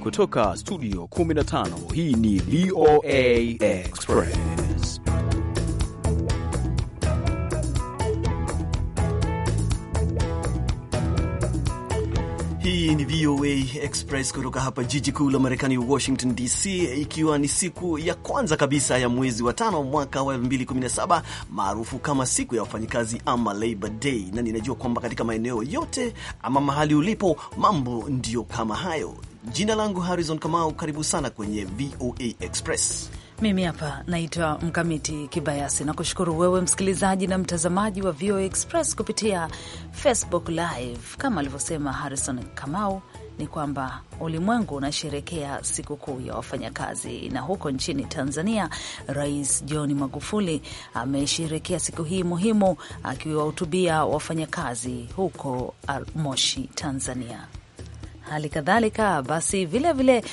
Kutoka studio 15 hii ni VOA Express. Hii ni VOA Express kutoka hapa jiji kuu la Marekani, Washington DC, ikiwa ni siku ya kwanza kabisa ya mwezi wa tano mwaka wa 2017 maarufu kama siku ya wafanyikazi ama Labor Day, na ninajua kwamba katika maeneo yote ama mahali ulipo mambo ndiyo kama hayo. Jina langu Harrison Kamau, karibu sana kwenye VOA Express. Mimi hapa naitwa Mkamiti Kibayasi na kushukuru wewe msikilizaji na mtazamaji wa VOA Express kupitia Facebook Live. Kama alivyosema Harrison Kamau ni kwamba ulimwengu unasherekea sikukuu ya wafanyakazi, na huko nchini Tanzania Rais John Magufuli amesherekea siku hii muhimu akiwahutubia wafanyakazi huko Moshi, Tanzania hali kadhalika basi vilevile vile,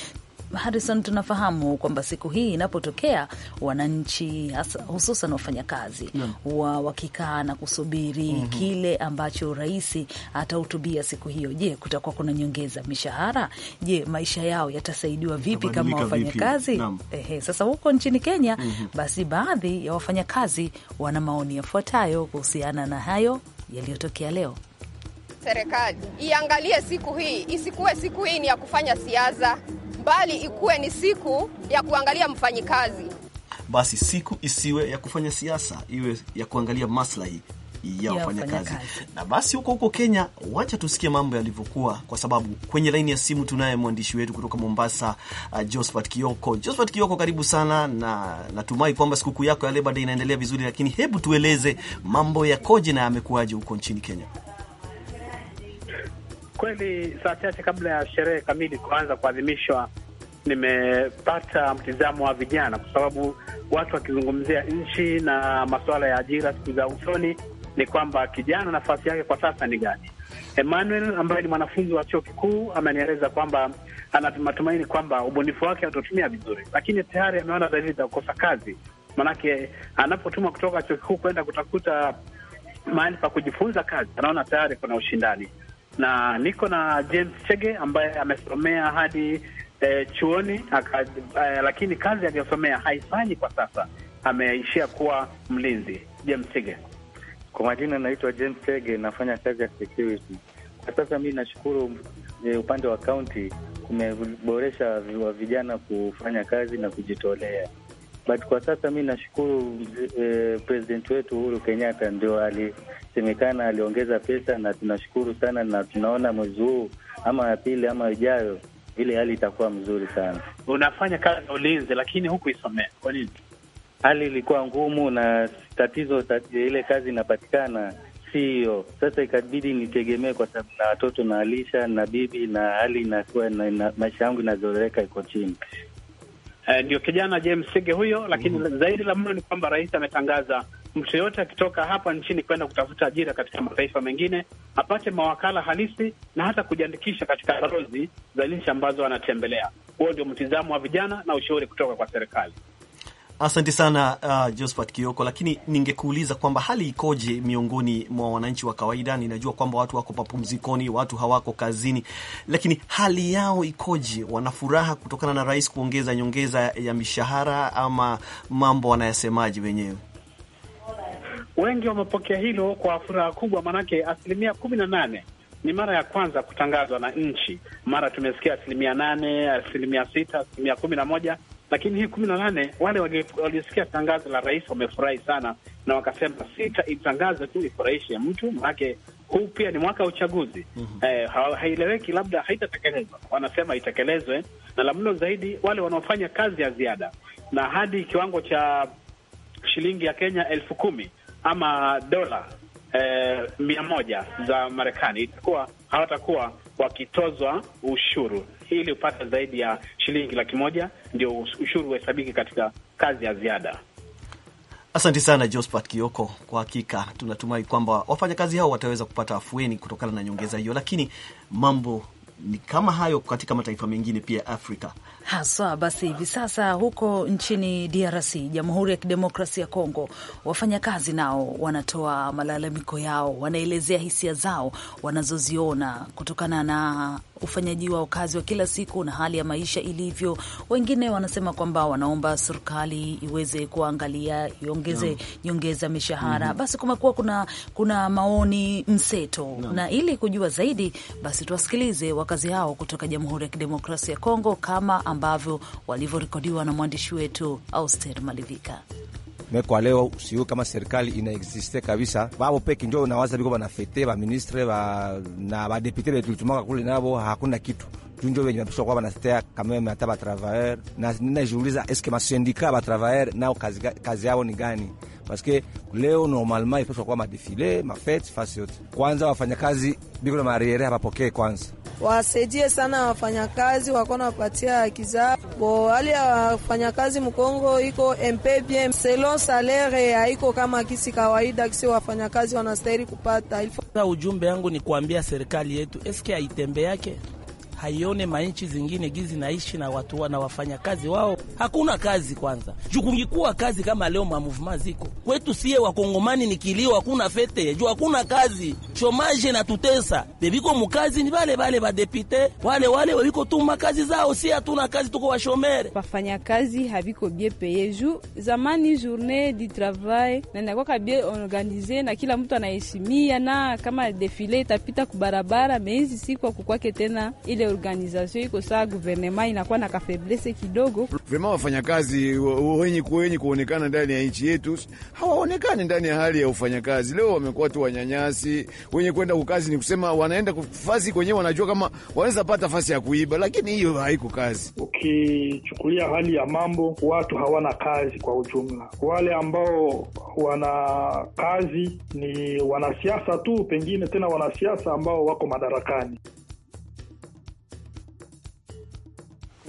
Harison, tunafahamu kwamba siku hii inapotokea wananchi hususan wafanyakazi huwa yeah, wakikaa na kusubiri mm -hmm, kile ambacho rais atahutubia siku hiyo. Je, kutakuwa kuna nyongeza mishahara? Je, maisha yao yatasaidiwa vipi kama wafanyakazi? Ehe, sasa huko nchini Kenya mm -hmm, basi baadhi ya wafanyakazi wana maoni yafuatayo kuhusiana na hayo yaliyotokea leo serikali iangalie siku hii, isikuwe siku hii ni ya kufanya siasa, bali ikuwe ni siku ya kuangalia mfanyikazi. Basi siku isiwe ya kufanya siasa, iwe ya kuangalia maslahi ya wafanyakazi. Na basi huko huko Kenya, wacha tusikie mambo yalivyokuwa, kwa sababu kwenye laini ya simu tunaye mwandishi wetu kutoka Mombasa, uh, Josephat Kioko. Josephat Kioko, karibu sana, na natumai kwamba sikukuu yako ya Labor Day inaendelea vizuri, lakini hebu tueleze mambo yakoje na yamekuwaje huko nchini Kenya? kweli, saa chache kabla ya sherehe kamili kuanza kuadhimishwa, nimepata mtizamo wa vijana, kwa sababu watu wakizungumzia nchi na masuala ya ajira siku za usoni, ni kwamba kijana nafasi yake kwa sasa ni gani? Emmanuel ambaye ni mwanafunzi wa chuo kikuu amenieleza kwamba ana matumaini kwamba ubunifu wake utatumia vizuri, lakini tayari ameona dalili za kukosa kazi, manake anapotuma kutoka chuo kikuu kwenda kutafuta mahali pa kujifunza kazi, anaona tayari kuna ushindani na niko na James Chege ambaye amesomea hadi eh, chuoni haka, eh, lakini kazi aliyosomea haifanyi kwa sasa, ameishia kuwa mlinzi. James Chege. Kwa majina naitwa James Chege, nafanya kazi ya security kwa sasa. Mi nashukuru eh, upande wa kaunti kumeboresha vijana kufanya kazi na kujitolea but kwa sasa mi nashukuru e, president wetu Uhuru Kenyatta ndio alisemekana aliongeza pesa, na tunashukuru sana, na tunaona mwezi huu ama pili ama ijayo ile hali itakuwa mzuri sana. Unafanya kazi ya ulinzi, lakini huku isomea kwa nini? Hali ilikuwa ngumu na tatizo tat, ile kazi inapatikana si hiyo. Sasa ikabidi nitegemee, kwa sababu na watoto naalisha na bibi, na hali inakuwa na, na, maisha yangu inazoreka iko chini. Eh, ndio kijana James Sege huyo, lakini mm. zaidi la mno ni kwamba rais ametangaza mtu yoyote akitoka hapa nchini kwenda kutafuta ajira katika mataifa mengine apate mawakala halisi na hata kujiandikisha katika balozi za nchi ambazo anatembelea. Huo ndio mtizamo wa vijana na ushauri kutoka kwa serikali. Asante sana uh, Josphat Kioko, lakini ningekuuliza kwamba hali ikoje miongoni mwa wananchi wa kawaida. Ninajua kwamba watu wako mapumzikoni, watu hawako kazini, lakini hali yao ikoje? Wanafuraha kutokana na rais kuongeza nyongeza ya mishahara ama mambo wanayasemaje wenyewe? Wengi wamepokea hilo kwa furaha kubwa, maanake asilimia kumi na nane ni mara ya kwanza kutangazwa na nchi. Mara tumesikia asilimia nane, asilimia sita, asilimia kumi na moja lakini hii kumi na nane wale waliosikia tangazo la rais wamefurahi sana, na wakasema sita itangazo tu ifurahishe mtu, manake huu pia ni mwaka wa uchaguzi mm -hmm. Eh, haieleweki labda haitatekelezwa, wanasema itekelezwe, na la mno zaidi wale wanaofanya kazi ya ziada na hadi kiwango cha shilingi ya Kenya elfu kumi ama dola eh, mia moja za Marekani itakuwa hawatakuwa wakitozwa ushuru ili upata zaidi ya shilingi laki moja ndio ushuru uhesabiki katika kazi ya ziada. Asante sana Josphat Kioko. Kwa hakika tunatumai kwamba wafanyakazi hao wataweza kupata afueni kutokana na nyongeza hiyo, lakini mambo ni kama hayo katika mataifa mengine pia Afrika haswa. Basi hivi sasa huko nchini DRC, Jamhuri ya Kidemokrasia ya Kongo, wafanyakazi nao wanatoa malalamiko yao, wanaelezea hisia zao wanazoziona kutokana na ufanyaji wao kazi wa kila siku na hali ya maisha ilivyo. Wengine wanasema kwamba wanaomba serikali iweze kuangalia iongeze nyongeza mishahara mm -hmm. Basi kumekuwa kuna, kuna maoni mseto no. na ili kujua zaidi, basi tuwasikilize wakazi yao kutoka Jamhuri ya Kidemokrasia ya Kongo kama ambavyo walivyorekodiwa na mwandishi wetu Auster Malivika. Mekwa leo siu kama serikali ina existe kabisa, vavo peke njo nawaza viko vanafete vaministre va, na depute vadepute vetulitumaga kule navo hakuna kitu tunjo venye vapisha stea vanatetea kameme hata vatravayer na nina ninajiuliza eske masendika vatravayer nao kazi, kazi yao ni gani? Paske leo normalement ipesha kuwa madefile mafete fasi yote. Kwanza wafanyakazi biko na mariere hapapokee kwanza wasaidie sana wafanyakazi, na wapatia haki zao. Bo hali ya wafanyakazi mkongo iko bien selon salaire haiko kama kisi kawaida, kisi wafanyakazi wanastahili kupata. Ujumbe yangu ni kuambia serikali yetu eske aitembe yake haione manchi zingine gizi naishi na watu wana wafanyakazi wao, hakuna kazi kwanza. Juu kungikuwa kazi kama leo mamuvuma ziko kwetu sie wakongomani ni kilio, hakuna fete juu hakuna kazi, shomaje na tutesa bebiko mukazi ni vale vale badepite wale wale wabiko tu makazi zao, sie hatuna kazi, tuko washomere wafanyakazi haviko bie peye ju zamani journée du travail na nakwaka bie organize na kila mtu anaheshimia na kama defile itapita kubarabara meizi siku akukwake tena ile organizasio iko saa, guvernema inakuwa na kafeblese kidogo. Vema, wafanyakazi wenye kuwenye kuonekana ndani ya nchi yetu hawaonekani ndani ya hali ya ufanyakazi. Leo wamekuwa tu wanyanyasi, wenye kwenda kukazi ni kusema wanaenda kufasi kwenyewe wanajua kama wanaweza pata fasi ya kuiba, lakini hiyo haiko kazi. Ukichukulia hali ya mambo, watu hawana kazi kwa ujumla. Wale ambao wana kazi ni wanasiasa tu, pengine tena wanasiasa ambao wako madarakani.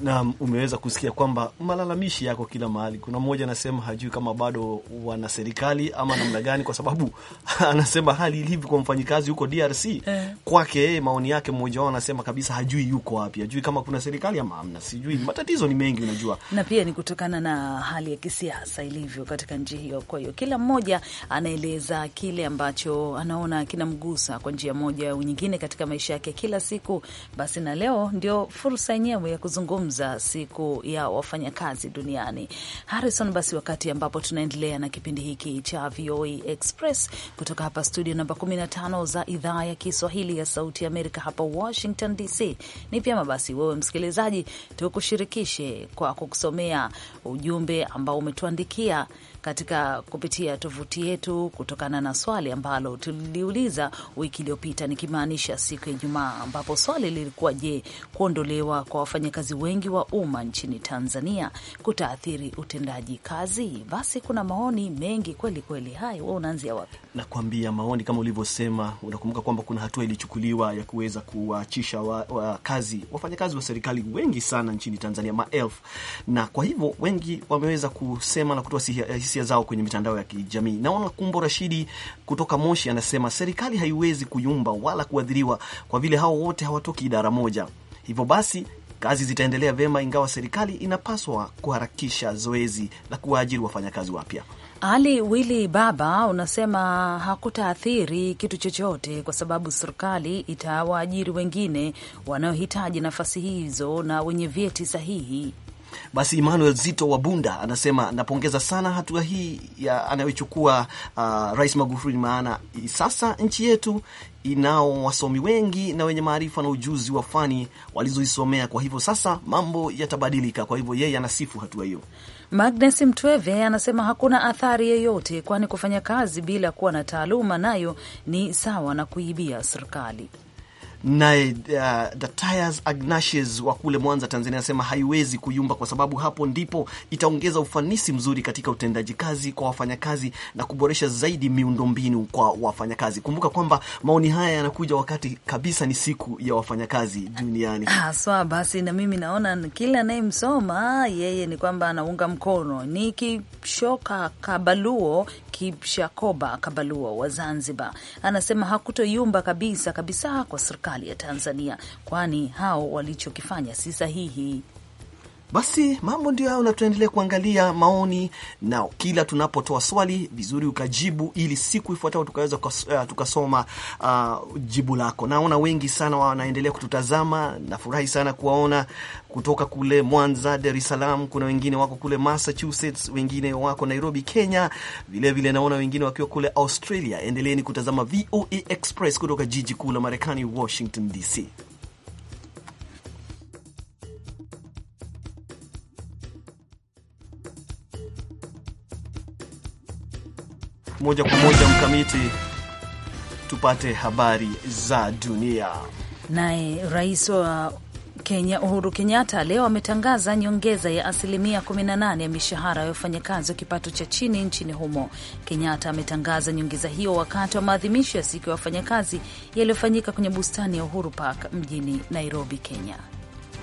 na umeweza kusikia kwamba malalamishi yako kila mahali. Kuna mmoja anasema hajui kama bado wana serikali ama namna gani, kwa sababu anasema hali ilivyo kwa mfanyikazi huko DRC eh, kwake yeye, maoni yake, mmoja wao anasema kabisa hajui yuko wapi, hajui kama kuna serikali ama amna, sijui. Mm. Matatizo ni mengi, unajua, na pia ni kutokana na hali ya kisiasa ilivyo katika nchi hiyo. Kwa hiyo kila mmoja anaeleza kile ambacho anaona kinamgusa kwa njia moja au nyingine katika maisha yake kila siku. Basi na leo ndio fursa yenyewe ya kuzungumza kuzungumza siku ya wafanyakazi duniani. Harrison, basi wakati ambapo tunaendelea na kipindi hiki cha VOA e Express kutoka hapa studio namba 15 za idhaa ya Kiswahili ya Sauti Amerika hapa Washington DC, ni vyema basi wewe msikilizaji, tukushirikishe kwa kukusomea ujumbe ambao umetuandikia katika kupitia tovuti yetu kutokana na swali ambalo tuliliuliza wiki iliyopita, nikimaanisha siku ya Ijumaa, ambapo swali lilikuwa je, kuondolewa kwa wafanyakazi wengi wengi wa umma nchini Tanzania kutaathiri utendaji kazi? Basi kuna maoni mengi kweli kweli. Haya, wewe unaanzia wapi? Nakwambia maoni kama ulivyosema, unakumbuka kwamba kuna hatua ilichukuliwa ya kuweza kuwaachisha wa, wa kazi wafanyakazi wa serikali wengi sana nchini Tanzania, maelfu, na kwa hivyo wengi wameweza kusema na kutoa hisia zao kwenye mitandao ya kijamii. Naona Kumbo Rashidi kutoka Moshi anasema serikali haiwezi kuyumba wala kuadhiriwa kwa vile hao wote hawatoki idara moja, hivyo basi Kazi zitaendelea vyema, ingawa serikali inapaswa kuharakisha zoezi la kuwaajiri wafanyakazi wapya. Ali Wili Baba, unasema hakutaathiri kitu chochote kwa sababu serikali itawaajiri wengine wanaohitaji nafasi hizo na wenye vyeti sahihi. Basi Emmanuel Zito wa Bunda anasema napongeza sana hatua hii anayochukua uh, Rais Magufuli, maana sasa nchi yetu inao wasomi wengi na wenye maarifa na ujuzi wa fani walizoisomea. Kwa hivyo sasa mambo yatabadilika. Kwa hivyo yeye anasifu hatua hiyo. Magnus Mtweve anasema hakuna athari yeyote, kwani kufanya kazi bila kuwa na taaluma nayo ni sawa na kuibia serikali. Naye uh, Datias Agnashes wa kule Mwanza, Tanzania anasema haiwezi kuyumba kwa sababu hapo ndipo itaongeza ufanisi mzuri katika utendaji kazi kwa wafanyakazi na kuboresha zaidi miundombinu kwa wafanyakazi. Kumbuka kwamba maoni haya yanakuja wakati kabisa ni siku ya wafanyakazi duniani haswa. Ah, basi na mimi naona kila anayemsoma yeye ni kwamba anaunga mkono ni Kipshoka Kabaluo, Kipshakoba Kabaluo wa Zanzibar, anasema hakutoyumba kabisa kabisa kwa serikali serikali ya Tanzania, kwani hao walichokifanya si sahihi. Basi mambo ndio hayo, na tunaendelea kuangalia maoni, na kila tunapotoa swali vizuri ukajibu, ili siku ifuatayo tukaweza eh, tukasoma uh, jibu lako. Naona wengi sana wanaendelea kututazama, nafurahi sana kuwaona kutoka kule Mwanza, Dar es Salaam. Kuna wengine wako kule Massachusetts, wengine wako Nairobi, Kenya. Vilevile vile naona wengine wakiwa kule Australia. Endeleeni kutazama VOA e Express kutoka jiji kuu la Marekani, Washington DC. moja kwa moja mkamiti, tupate habari za dunia. Naye rais wa Kenya Uhuru Kenyatta leo ametangaza nyongeza ya asilimia 18 ya mishahara ya wafanyakazi wa kipato cha chini nchini humo. Kenyatta ametangaza nyongeza hiyo wakati wa maadhimisho ya siku ya wafanyakazi yaliyofanyika kwenye bustani ya Uhuru Park mjini Nairobi, Kenya.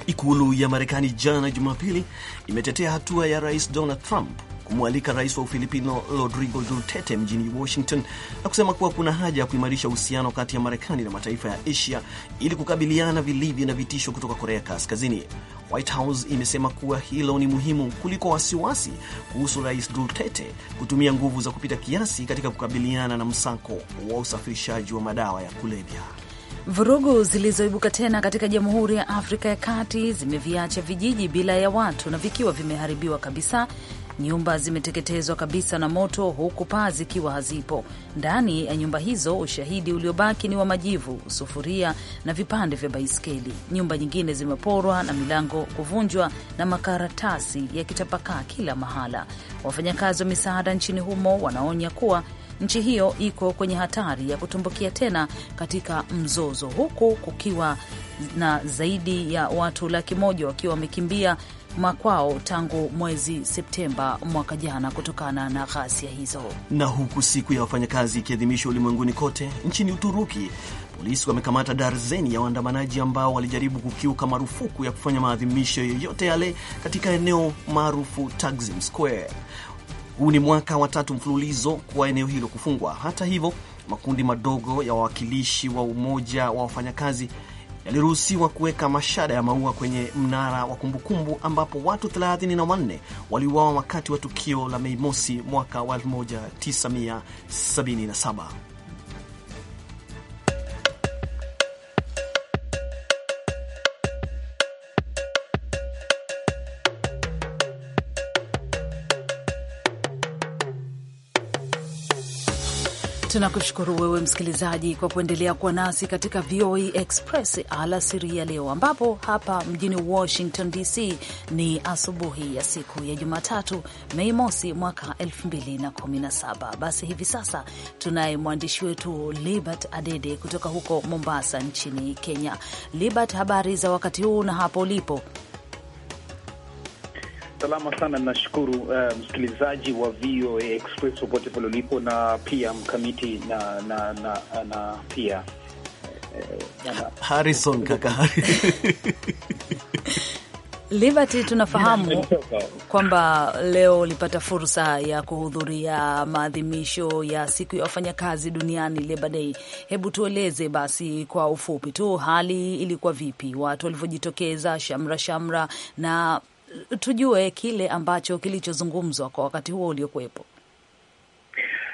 Ikulu ya Marekani jana Jumapili imetetea hatua ya rais Donald Trump kumwalika rais wa Ufilipino Rodrigo Duterte mjini Washington na kusema kuwa kuna haja ya kuimarisha uhusiano kati ya Marekani na mataifa ya Asia ili kukabiliana vilivyo na vitisho kutoka Korea Kaskazini. White House imesema kuwa hilo ni muhimu kuliko wasiwasi kuhusu rais Duterte kutumia nguvu za kupita kiasi katika kukabiliana na msako wa usafirishaji wa madawa ya kulevya. Vurugu zilizoibuka tena katika Jamhuri ya Afrika ya Kati zimeviacha vijiji bila ya watu na vikiwa vimeharibiwa kabisa Nyumba zimeteketezwa kabisa na moto, huku paa zikiwa hazipo. Ndani ya nyumba hizo, ushahidi uliobaki ni wa majivu, sufuria na vipande vya baiskeli. Nyumba nyingine zimeporwa na milango kuvunjwa na makaratasi yakitapakaa kila mahala. Wafanyakazi wa misaada nchini humo wanaonya kuwa nchi hiyo iko kwenye hatari ya kutumbukia tena katika mzozo, huku kukiwa na zaidi ya watu laki moja wakiwa wamekimbia makwao tangu mwezi Septemba mwaka jana kutokana na ghasia hizo. Na huku siku ya wafanyakazi ikiadhimishwa ulimwenguni kote, nchini Uturuki polisi wamekamata darzeni ya waandamanaji ambao walijaribu kukiuka marufuku ya kufanya maadhimisho yoyote yale katika eneo maarufu Taksim Square. Huu ni mwaka wa tatu mfululizo kwa eneo hilo kufungwa. Hata hivyo, makundi madogo ya wawakilishi wa umoja wa wafanyakazi yaliruhusiwa kuweka mashada ya maua kwenye mnara wa kumbukumbu ambapo watu 34 waliuawa wakati wa tukio la Mei Mosi mwaka wa 1977. Tunakushukuru wewe msikilizaji kwa kuendelea kuwa nasi katika VOA e Express alasiri ya leo, ambapo hapa mjini Washington DC ni asubuhi ya siku ya Jumatatu, Mei mosi mwaka 2017. Basi hivi sasa tunaye mwandishi wetu Libert Adede kutoka huko Mombasa nchini Kenya. Libert, habari za wakati huu na hapo ulipo? Salama sana, nashukuru uh, msikilizaji wa VOA Express popote pale ulipo, na pia mkamiti na na na, na pia eh, eh, Harrison kaka Liberty, tunafahamu kwamba leo ulipata fursa ya kuhudhuria maadhimisho ya siku ya wafanyakazi duniani Labor Day. Hebu tueleze basi kwa ufupi tu, hali ilikuwa vipi, watu walivyojitokeza shamra shamra na tujue kile ambacho kilichozungumzwa kwa wakati huo uliokuwepo.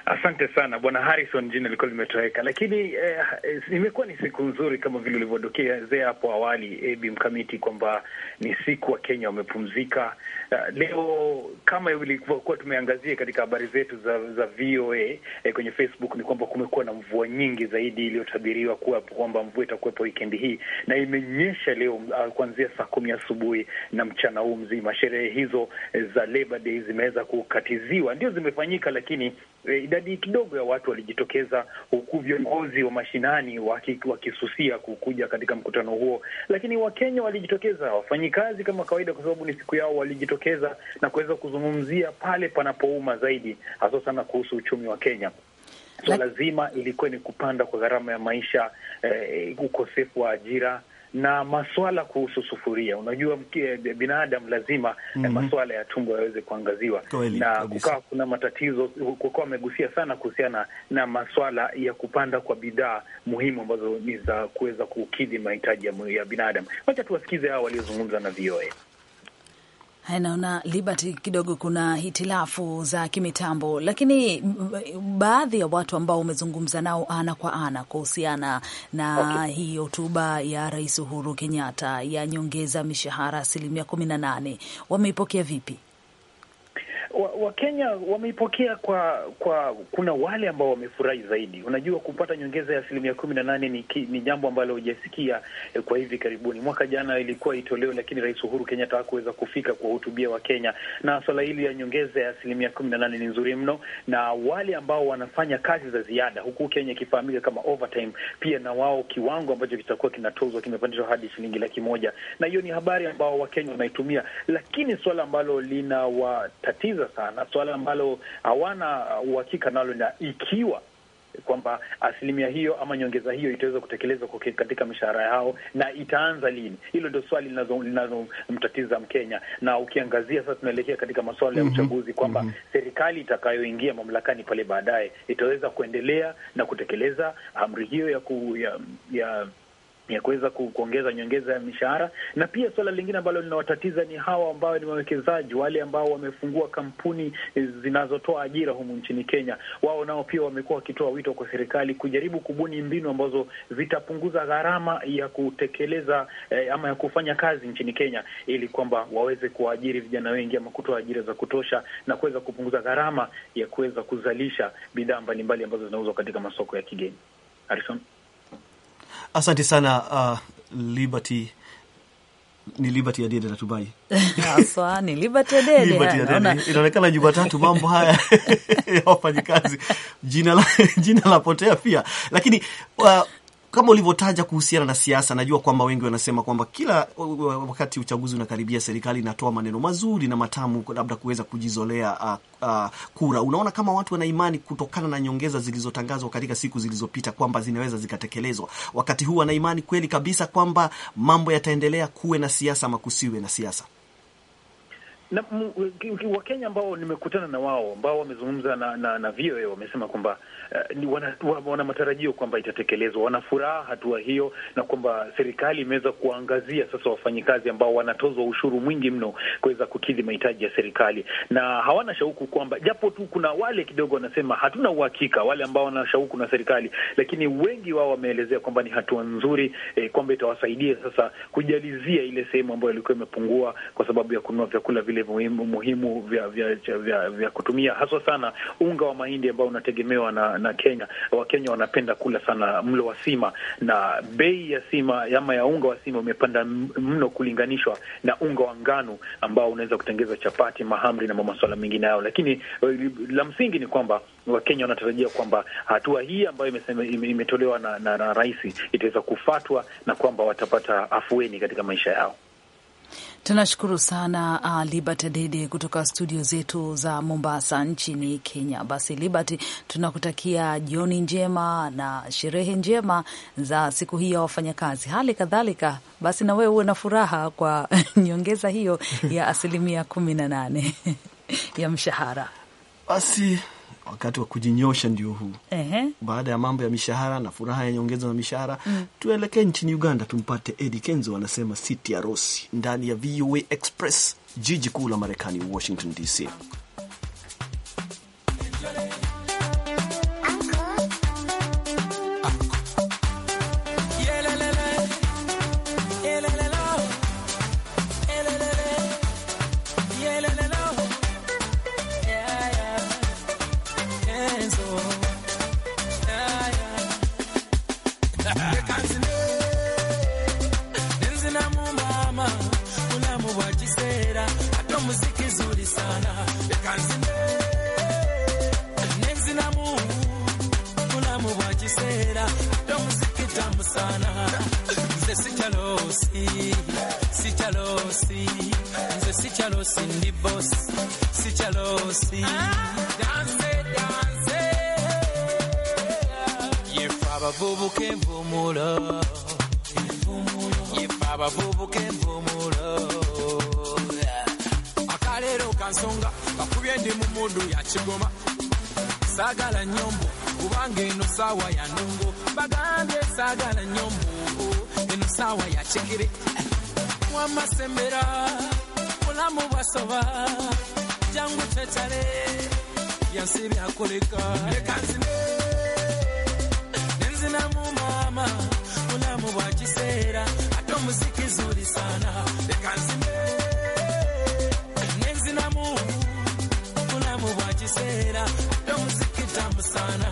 Asante sana Bwana Harrison, jina ilikuwa limetoweka, lakini eh, imekuwa ni siku nzuri kama vile ulivyodokezea hapo awali, Ebi Mkamiti, kwamba ni siku Wakenya wamepumzika, Uh, leo kama ilivyokuwa tumeangazia katika habari zetu za za VOA eh, kwenye Facebook ni kwamba kumekuwa na mvua nyingi zaidi iliyotabiriwa kuwa kwamba mvua itakuwepo wikendi hii, na imenyesha leo uh, kuanzia saa kumi asubuhi na mchana huu mzima. Sherehe hizo eh, za Labor Day zimeweza kukatiziwa, ndio zimefanyika, lakini eh, idadi kidogo ya watu walijitokeza, huku viongozi wa mashinani wakisusia waki kukuja katika mkutano huo, lakini Wakenya walijitokeza, wafanyikazi kama kawaida, kwa sababu ni siku yao, walijitokeza kujitokeza na kuweza kuzungumzia pale panapouma zaidi, hasa sana kuhusu uchumi wa Kenya. so lazima ilikuwa ni kupanda kwa gharama ya maisha, eh, ukosefu wa ajira na maswala kuhusu sufuria. Unajua eh, binadamu lazima mm -hmm. maswala ya tumbo yaweze kuangaziwa Kweli, na kukawa kuna matatizo kukawa amegusia sana kuhusiana na maswala ya kupanda kwa bidhaa muhimu ambazo ni za kuweza kukidhi mahitaji ya binadamu. Wacha tuwasikize hao waliozungumza na VOA. Naona Liberty kidogo kuna hitilafu za kimitambo, lakini baadhi ya watu ambao umezungumza nao ana kwa ana kuhusiana na okay, hii hotuba ya Rais Uhuru Kenyatta ya nyongeza mishahara asilimia kumi na nane wameipokea vipi? Wakenya wameipokea kwa kwa, kuna wale ambao wamefurahi zaidi. Unajua, kupata nyongeza ya asilimia kumi na nane ni, ni jambo ambalo hujasikia eh, kwa hivi karibuni. Mwaka jana ilikuwa itoleo lakini Rais Uhuru Kenyatta hakuweza kufika kuwahutubia Wakenya, na swala hili ya nyongeza ya asilimia kumi na nane ni nzuri mno, na wale ambao wanafanya kazi za ziada huku Kenya ikifahamika kama overtime, pia na wao kiwango ambacho kitakuwa kinatozwa kimepandishwa hadi shilingi laki moja, na hiyo ni habari ambao Wakenya wanaitumia, lakini swala ambalo linawatatiza sana na suala ambalo hawana uh, uhakika nalo, na ikiwa kwamba asilimia hiyo ama nyongeza hiyo itaweza kutekelezwa katika mishahara yao na itaanza lini? Hilo ndio swali linalomtatiza Mkenya, na ukiangazia sasa, tunaelekea katika masuala ya mhm. uchaguzi kwamba mm -hmm. serikali itakayoingia mamlakani pale baadaye itaweza kuendelea na kutekeleza amri hiyo ya, ku, ya, ya ya kuweza kuongeza nyongeza ya mishahara. Na pia suala lingine ambalo linawatatiza ni hawa ambao ni wawekezaji wale ambao wamefungua kampuni e, zinazotoa ajira humu nchini Kenya. Wao nao pia wamekuwa wakitoa wito kwa serikali kujaribu kubuni mbinu ambazo zitapunguza gharama ya kutekeleza eh, ama ya kufanya kazi nchini Kenya, ili kwamba waweze kuwaajiri vijana wengi ama kutoa ajira za kutosha na kuweza kupunguza gharama ya kuweza kuzalisha bidhaa mbalimbali ambazo zinauzwa katika masoko ya kigeni. Harrison. Asante sana uh, Liberty ni Liberty ya Dede natubai haswa ni Liberty ya Dede. Inaonekana Jumatatu mambo haya ya wafanyikazi jina la jina la potea pia, lakini uh, kama ulivyotaja kuhusiana na siasa, najua kwamba wengi wanasema kwamba kila wakati uchaguzi unakaribia, serikali inatoa maneno mazuri na matamu, labda kuweza kujizolea uh, uh, kura. Unaona kama watu wana imani kutokana na nyongeza zilizotangazwa katika siku zilizopita kwamba zinaweza zikatekelezwa. Wakati huu wana imani kweli kabisa kwamba mambo yataendelea, kuwe na siasa ama kusiwe na siasa? na Wakenya ambao nimekutana na wao ambao wamezungumza na, na, na VOA wamesema kwamba uh, wana, wana matarajio kwamba itatekelezwa, wanafuraha hatua hiyo, na kwamba serikali imeweza kuangazia sasa wafanyikazi ambao wanatozwa ushuru mwingi mno kuweza kukidhi mahitaji ya serikali, na hawana shauku kwamba, japo tu kuna wale kidogo wanasema hatuna uhakika, wale ambao wana shauku na serikali, lakini wengi wao wameelezea kwamba ni hatua nzuri eh, kwamba itawasaidia sasa kujalizia ile sehemu ambayo ilikuwa imepungua kwa sababu ya kununua vyakula vile vile muhimu, muhimu vya, vya, vya, vya kutumia haswa sana unga wa mahindi ambao unategemewa na, na Kenya. Wakenya wanapenda kula sana mlo wa sima, na bei ya sima ama ya unga wa sima umepanda mno kulinganishwa na unga wa ngano ambao unaweza kutengeza chapati, mahamri na maswala mengine yao, lakini eh, la msingi ni kwamba Wakenya wanatarajia kwamba hatua hii ambayo imetolewa na, na, na rais itaweza kufatwa na kwamba watapata afueni katika maisha yao. Tunashukuru sana uh, Libert Dede kutoka studio zetu za Mombasa nchini Kenya. Basi Libert, tunakutakia jioni njema na sherehe njema za siku hii ya wafanyakazi. Hali kadhalika basi na wewe uwe na furaha kwa nyongeza hiyo ya asilimia kumi na nane ya mshahara basi wakati wa kujinyosha ndio huu. Ehe. Baada ya mambo ya mishahara na furaha ya nyongezo na mishahara mm. tuelekee nchini Uganda tumpate Eddie Kenzo anasema City ya Rosi ndani ya VOA Express, jiji kuu la Marekani, Washington DC. sawa ya nungu mbagambye sagala nnyo mbungu eno sawa ya kigere wamasembera mulamu bwasoba jangu cecale yansi byakoleka leka nzine nenzinamu mama mulamu bwakiseera ate omuziki zulisana leka nzine nenzinamu mulamu bwakiseera ate omuziki tamusana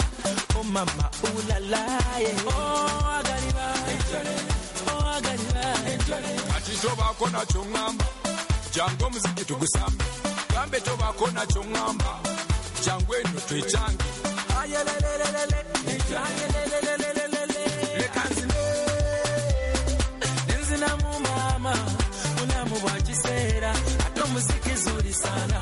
mama, ooh la yeah. Oh, agariba, oh agariba. Achitobaako nakyo ŋŋamba, jangu omuziki tugusambe, gambe tobaako nakyo ŋŋamba, jangu eno twekyange. Ayelelelelele, ayelelelelele. sana.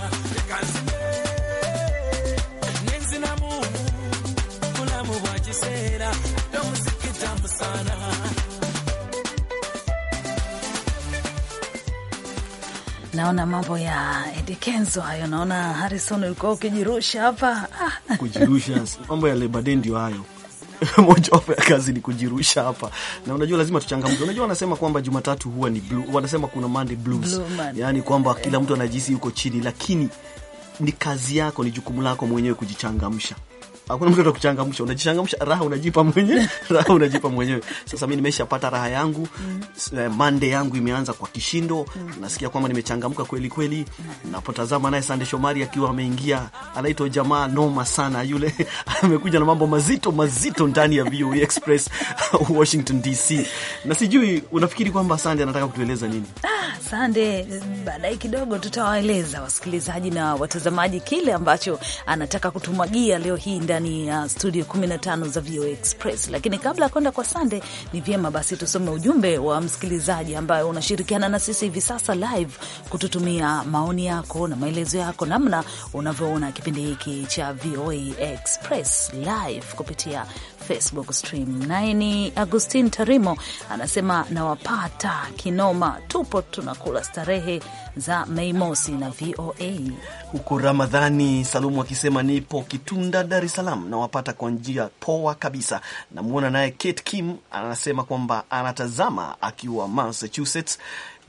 Naona mambo ya Edikenzo hayo, naona Harrison ulikuwa ukijirusha hapa ah. kujirusha mambo ya lebade ndio hayo mojawapo ya kazi ni kujirusha hapa, na unajua lazima tuchangamke. Unajua wanasema kwamba Jumatatu huwa ni blue, wanasema kuna Monday blues blue, yaani kwamba kila mtu anajihisi yuko chini, lakini ni kazi yako, ni jukumu lako mwenyewe kujichangamsha hakuna mtu atakuchangamsha, unajichangamsha raha, unajipa mwenyewe raha, unajipa mwenyewe. Sasa mimi nimeshapata raha yangu mm. Eh, mande yangu imeanza kwa kishindo mm. Nasikia kwamba nimechangamka kweli kweli mm. Napotazama naye Sande Shomari akiwa ameingia, anaitwa jamaa noma sana yule amekuja na mambo mazito mazito ndani ya VOA e Express Washington DC, na sijui unafikiri kwamba Sande anataka kutueleza nini? Ah, Sande, baadaye kidogo tutawaeleza wasikilizaji na watazamaji kile ambacho anataka kutumwagia leo hii ndani ndani ya studio 15 za VOA Express. Lakini kabla ya kwenda kwa Sande, ni vyema basi tusome ujumbe wa msikilizaji ambaye unashirikiana na sisi hivi sasa live, kututumia maoni yako na maelezo yako namna unavyoona kipindi hiki cha VOA Express live kupitia Facebook stream. Naye ni Agustin Tarimo anasema nawapata kinoma, tupo tunakula starehe za Mei Mosi na VOA huku. Ramadhani Salumu akisema nipo Kitunda, Dar es Salaam, nawapata kwa njia poa kabisa. Namwona naye Kate Kim anasema kwamba anatazama akiwa Massachusetts.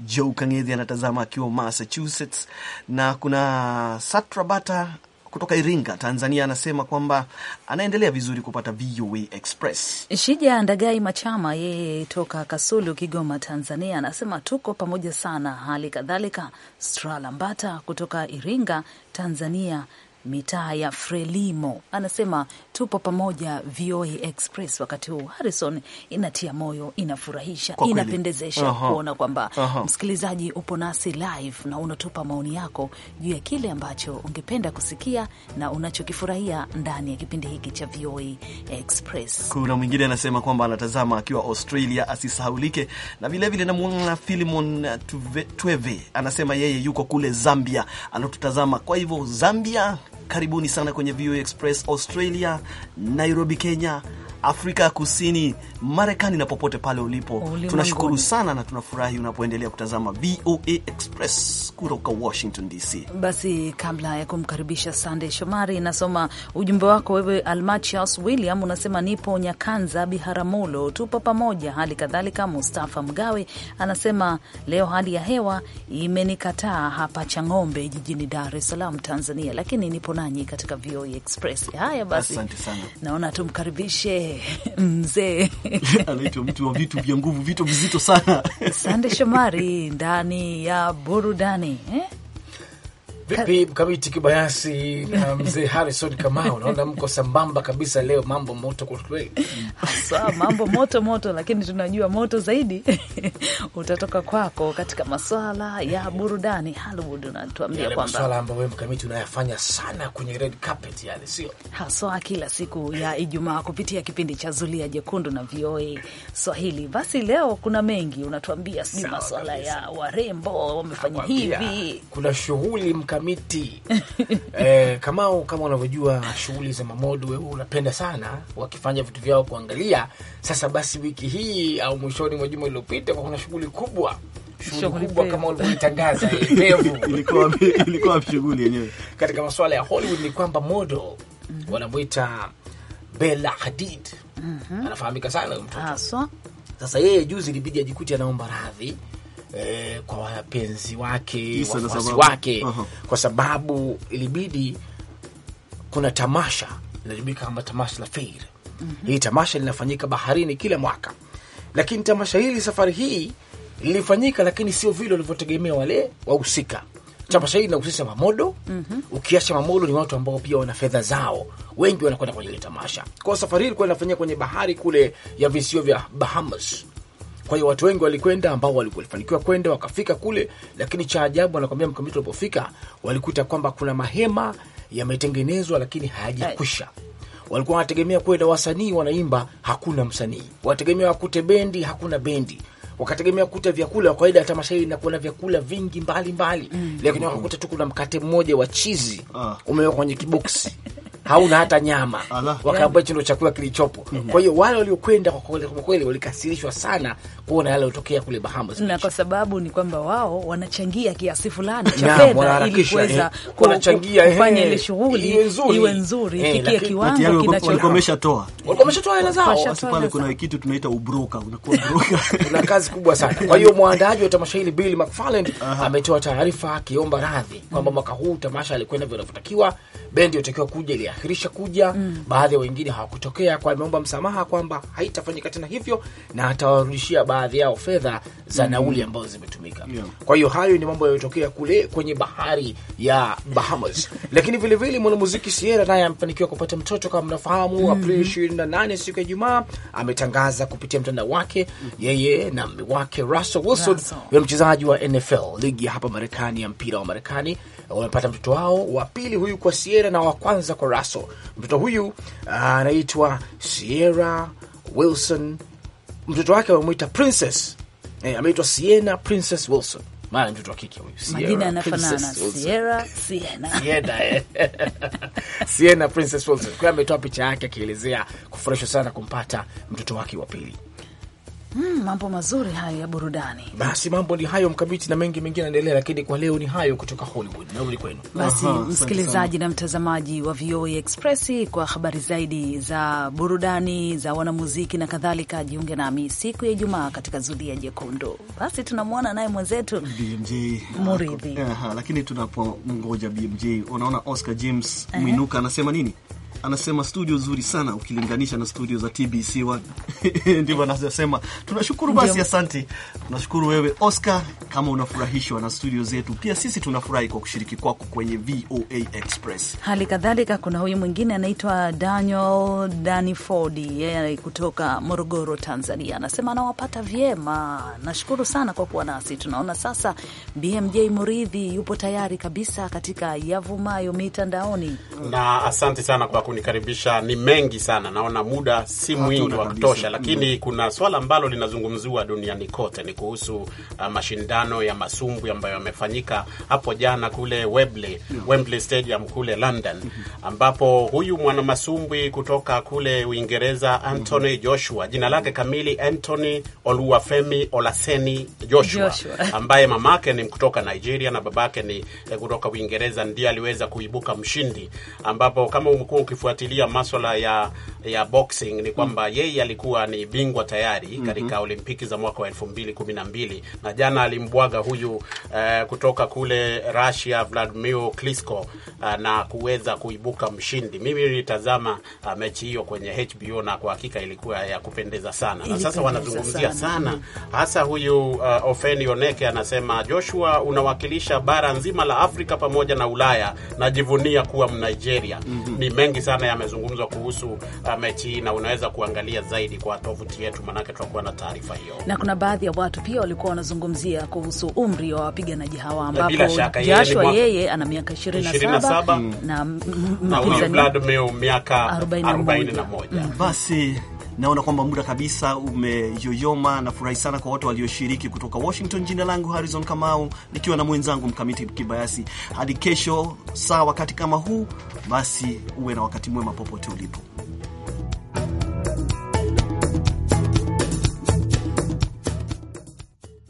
Joe Kang'ethi anatazama akiwa Massachusetts, na kuna Satrabata kutoka Iringa, Tanzania, anasema kwamba anaendelea vizuri kupata VOA Express. Shija Ndagai Machama, yeye toka Kasulu, Kigoma, Tanzania, anasema tuko pamoja sana. Hali kadhalika Stralambata kutoka Iringa, Tanzania mitaa ya Frelimo. Anasema tupo pamoja VOA Express wakati huu. Harrison, inatia moyo, inafurahisha, kwa inapendezesha kuona kwamba msikilizaji upo nasi live na unatupa maoni yako juu ya kile ambacho ungependa kusikia na unachokifurahia ndani ya kipindi hiki cha VOA Express. Kuna mwingine anasema kwamba anatazama akiwa Australia, asisahaulike. Na vilevile namwona Filimon Tweve anasema yeye yuko kule Zambia anatutazama. Kwa hivyo Zambia Karibuni sana kwenye VOA Express Australia, Nairobi Kenya, Afrika Kusini, Marekani na popote pale ulipo Uli tunashukuru sana na tunafurahi unapoendelea kutazama VOA Express kutoka Washington DC. Basi kabla ya kumkaribisha sande Shomari, nasoma ujumbe wako wewe Almachius William, unasema nipo Nyakanza Biharamulo, tupo pamoja. Hali kadhalika Mustafa Mgawe anasema leo hali ya hewa imenikataa hapa Chang'ombe jijini Dar es Salaam, Tanzania, lakini nipo nanyi katika VOA Express. Haya basi, naona tumkaribishe mzee mzee anaitwa mtu wa vitu vya nguvu, vitu vizito sana. Sande Shomari ndani ya burudani eh? Vipi mkamiti kibayasi na mzee Harrison Kamau, naona mko sambamba kabisa leo. Mambo moto kwa kweli, hasa mambo moto moto, lakini tunajua moto zaidi utatoka kwako katika maswala ya burudani. Hollywood unatuambia kwamba maswala ambayo wewe mkamiti unayafanya sana kwenye red carpet yale, sio haswa kila siku ya Ijumaa kupitia kipindi cha Zulia Jekundu na VOA Swahili. Basi leo kuna mengi unatuambia, sijui maswala ya warembo wamefanya hivi, kuna shughuli mkamiti miti e, Kamau, kama unavyojua shughuli za Mamodu wewe unapenda sana wakifanya vitu vyao kuangalia. Sasa basi, wiki hii au mwishoni mwa juma iliyopita, kuna shughuli kubwa shughuli kubwa kama ulivyoitangaza eh, ilikuwa ilikuwa shughuli yenyewe katika masuala ya Hollywood ni kwamba modo mm -hmm. wanamwita Bella Hadid mm -hmm. anafahamika sana mtoto. Sasa yeye juzi ilibidi ajikuti anaomba radhi eh, kwa wapenzi wake wafuasi wake uh -huh. Kwa sababu ilibidi kuna tamasha linajumuika kama tamasha la Fair mm -hmm. Hii tamasha linafanyika baharini kila mwaka, lakini tamasha hili safari hii lilifanyika, lakini sio vile walivyotegemea wale wahusika tamasha hili linahusisha mamodo mm -hmm. Ukiacha mamodo ni watu ambao pia wana fedha zao, wengi wanakwenda kwenye ile tamasha. Kwa safari hii ilikuwa inafanyika kwenye bahari kule ya visio vya Bahamas mm kwa hiyo watu wengi walikwenda, ambao walifanikiwa kwenda wakafika kule, lakini cha ajabu anakwambia mkamiti, walipofika walikuta kwamba kuna mahema yametengenezwa, lakini hayajakwisha walikuwa wanategemea kwenda wasanii wanaimba, hakuna msanii. Wanategemea wakute bendi, hakuna bendi. Wakategemea kuta vyakula kawaida, tamasha hili nakuwa na vyakula vingi mbalimbali, mm. lakini wakakuta tu kuna mkate mmoja wa chizi ah. umewekwa kwenye kiboksi hauna hata nyama, wakaambia hicho ndio chakula kilichopo. Mm-hmm. Kwa hiyo wale waliokwenda kwa kweli kwa kweli walikasirishwa sana kuona yale yalotokea kule Bahamas, na kwa sababu ni kwamba wao wanachangia kiasi fulani cha fedha ili eh. kuweza kufanya eh. ile shughuli iwe nzuri, eh, ifikie kiwango hela zao. Basi pale. Kuna kitu tunaita ubroka, unakuwa broka, una kazi kubwa sana. Kwa hiyo mwandaji wa tamasha hili Bill McFarland ametoa taarifa akiomba radhi kwamba mwaka huu tamasha alikwenda vile vinavyotakiwa, bendi itakiwa kuja ili waliahirisha kuja mm. Baadhi ya wengine hawakutokea, kwa ameomba msamaha kwamba haitafanyika tena hivyo na atawarudishia baadhi yao fedha za mm. nauli ambazo zimetumika yeah. Kwa hiyo hayo ni mambo yaliyotokea kule kwenye bahari ya Bahamas lakini vilevile mwanamuziki Sierra naye amefanikiwa kupata mtoto kama mnafahamu mm. Aprili 28 siku ya Ijumaa ametangaza kupitia mtandao wake yeye na mume wake Russell Wilson, mchezaji wa NFL ligi ya hapa Marekani ya mpira wa Marekani wamepata mtoto wao wa pili huyu kwa Sierra na wa kwanza kwa Russell. Mtoto huyu ah, anaitwa Sierra Wilson, mtoto wake wamemwita Princess eh, ameitwa Sienna Princess Wilson maana mtoto wa kike huyu majina yanafanana Sierra Sienna eh. Sienna Princess Wilson. Kwa ametoa picha yake akielezea kufurahishwa sana kumpata mtoto wake wa pili. Mm, mambo mazuri hayo ya burudani. Basi mambo ni hayo mkamiti, na mengi mengine yanaendelea, lakini kwa leo ni hayo kutoka Hollywood. Narudi kwenu basi. Aha, msikilizaji na mtazamaji wa VOA Express, kwa habari zaidi za burudani za wanamuziki na kadhalika, jiunge nami siku ya Ijumaa katika Zulia Jekundu. Basi tunamwona naye mwenzetu BMJ Muridhi. lakini tunapomngoja BMJ, unaona Oscar James Mwinuka anasema nini? anasema studio nzuri sana ukilinganisha na studio za TBC1. Ndivyo anasema. Tunashukuru basi, asante. Tunashukuru wewe Oscar, kama unafurahishwa na studio zetu, pia sisi tunafurahi kwa kushiriki kwako kwenye VOA Express. Hali kadhalika kuna huyu mwingine anaitwa Daniel Danifodi, yeye kutoka Morogoro, Tanzania, anasema anawapata vyema. Nashukuru sana kwa kuwa nasi. Tunaona sasa BMJ Muridhi yupo tayari kabisa katika yavumayo mitandaoni, na asante sana kwa kunikaribisha. Ni mengi sana, naona muda si mwingi wa kutosha, mm-hmm. lakini mm, kuna swala ambalo linazungumziwa duniani kote, ni kuhusu uh, mashindano ya masumbwi ambayo yamefanyika hapo jana kule Wembley, mm, Wembley Stadium kule London, mm -hmm, ambapo huyu mwanamasumbwi kutoka kule Uingereza Anthony mm -hmm, Joshua, jina lake kamili Anthony Oluwafemi Olaseni Joshua, Joshua, ambaye mamake ni kutoka Nigeria na babake ni eh, kutoka Uingereza, ndiye aliweza kuibuka mshindi, ambapo kama umekuwa ukifuatilia maswala ya ya boxing ni kwamba mm. yeye alikuwa ni bingwa tayari mm -hmm. katika Olimpiki za mwaka wa elfu mbili kumi na mbili na jana alimbwaga huyu uh, kutoka kule Russia Vladimir Klitschko uh, na kuweza kuibuka mshindi. Mimi nilitazama uh, mechi hiyo kwenye HBO na kwa hakika ilikuwa ya kupendeza sana, na sasa wanazungumzia sana sana. Mm-hmm. hasa huyu uh, Ofeni Oneke anasema, Joshua unawakilisha bara nzima la Afrika pamoja na Ulaya, najivunia kuwa Mnigeria. mm -hmm. ni mengi sana yamezungumzwa kuhusu uh, mechi hii, na unaweza kuangalia zaidi kwa tovuti yetu, manake tutakuwa na taarifa hiyo. Na kuna baadhi ya watu pia walikuwa wanazungumzia kuhusu umri wa wapiganaji hawa, ambapo Joshua yeye ana miaka 27 na mpinzani miaka 41. Mm. Basi Naona kwamba muda kabisa umeyoyoma. Nafurahi sana kwa watu walioshiriki kutoka Washington. Jina langu Harrison Kamau, nikiwa na mwenzangu Mkamiti Kibayasi. Hadi kesho saa wakati kama huu, basi uwe na wakati mwema popote ulipo.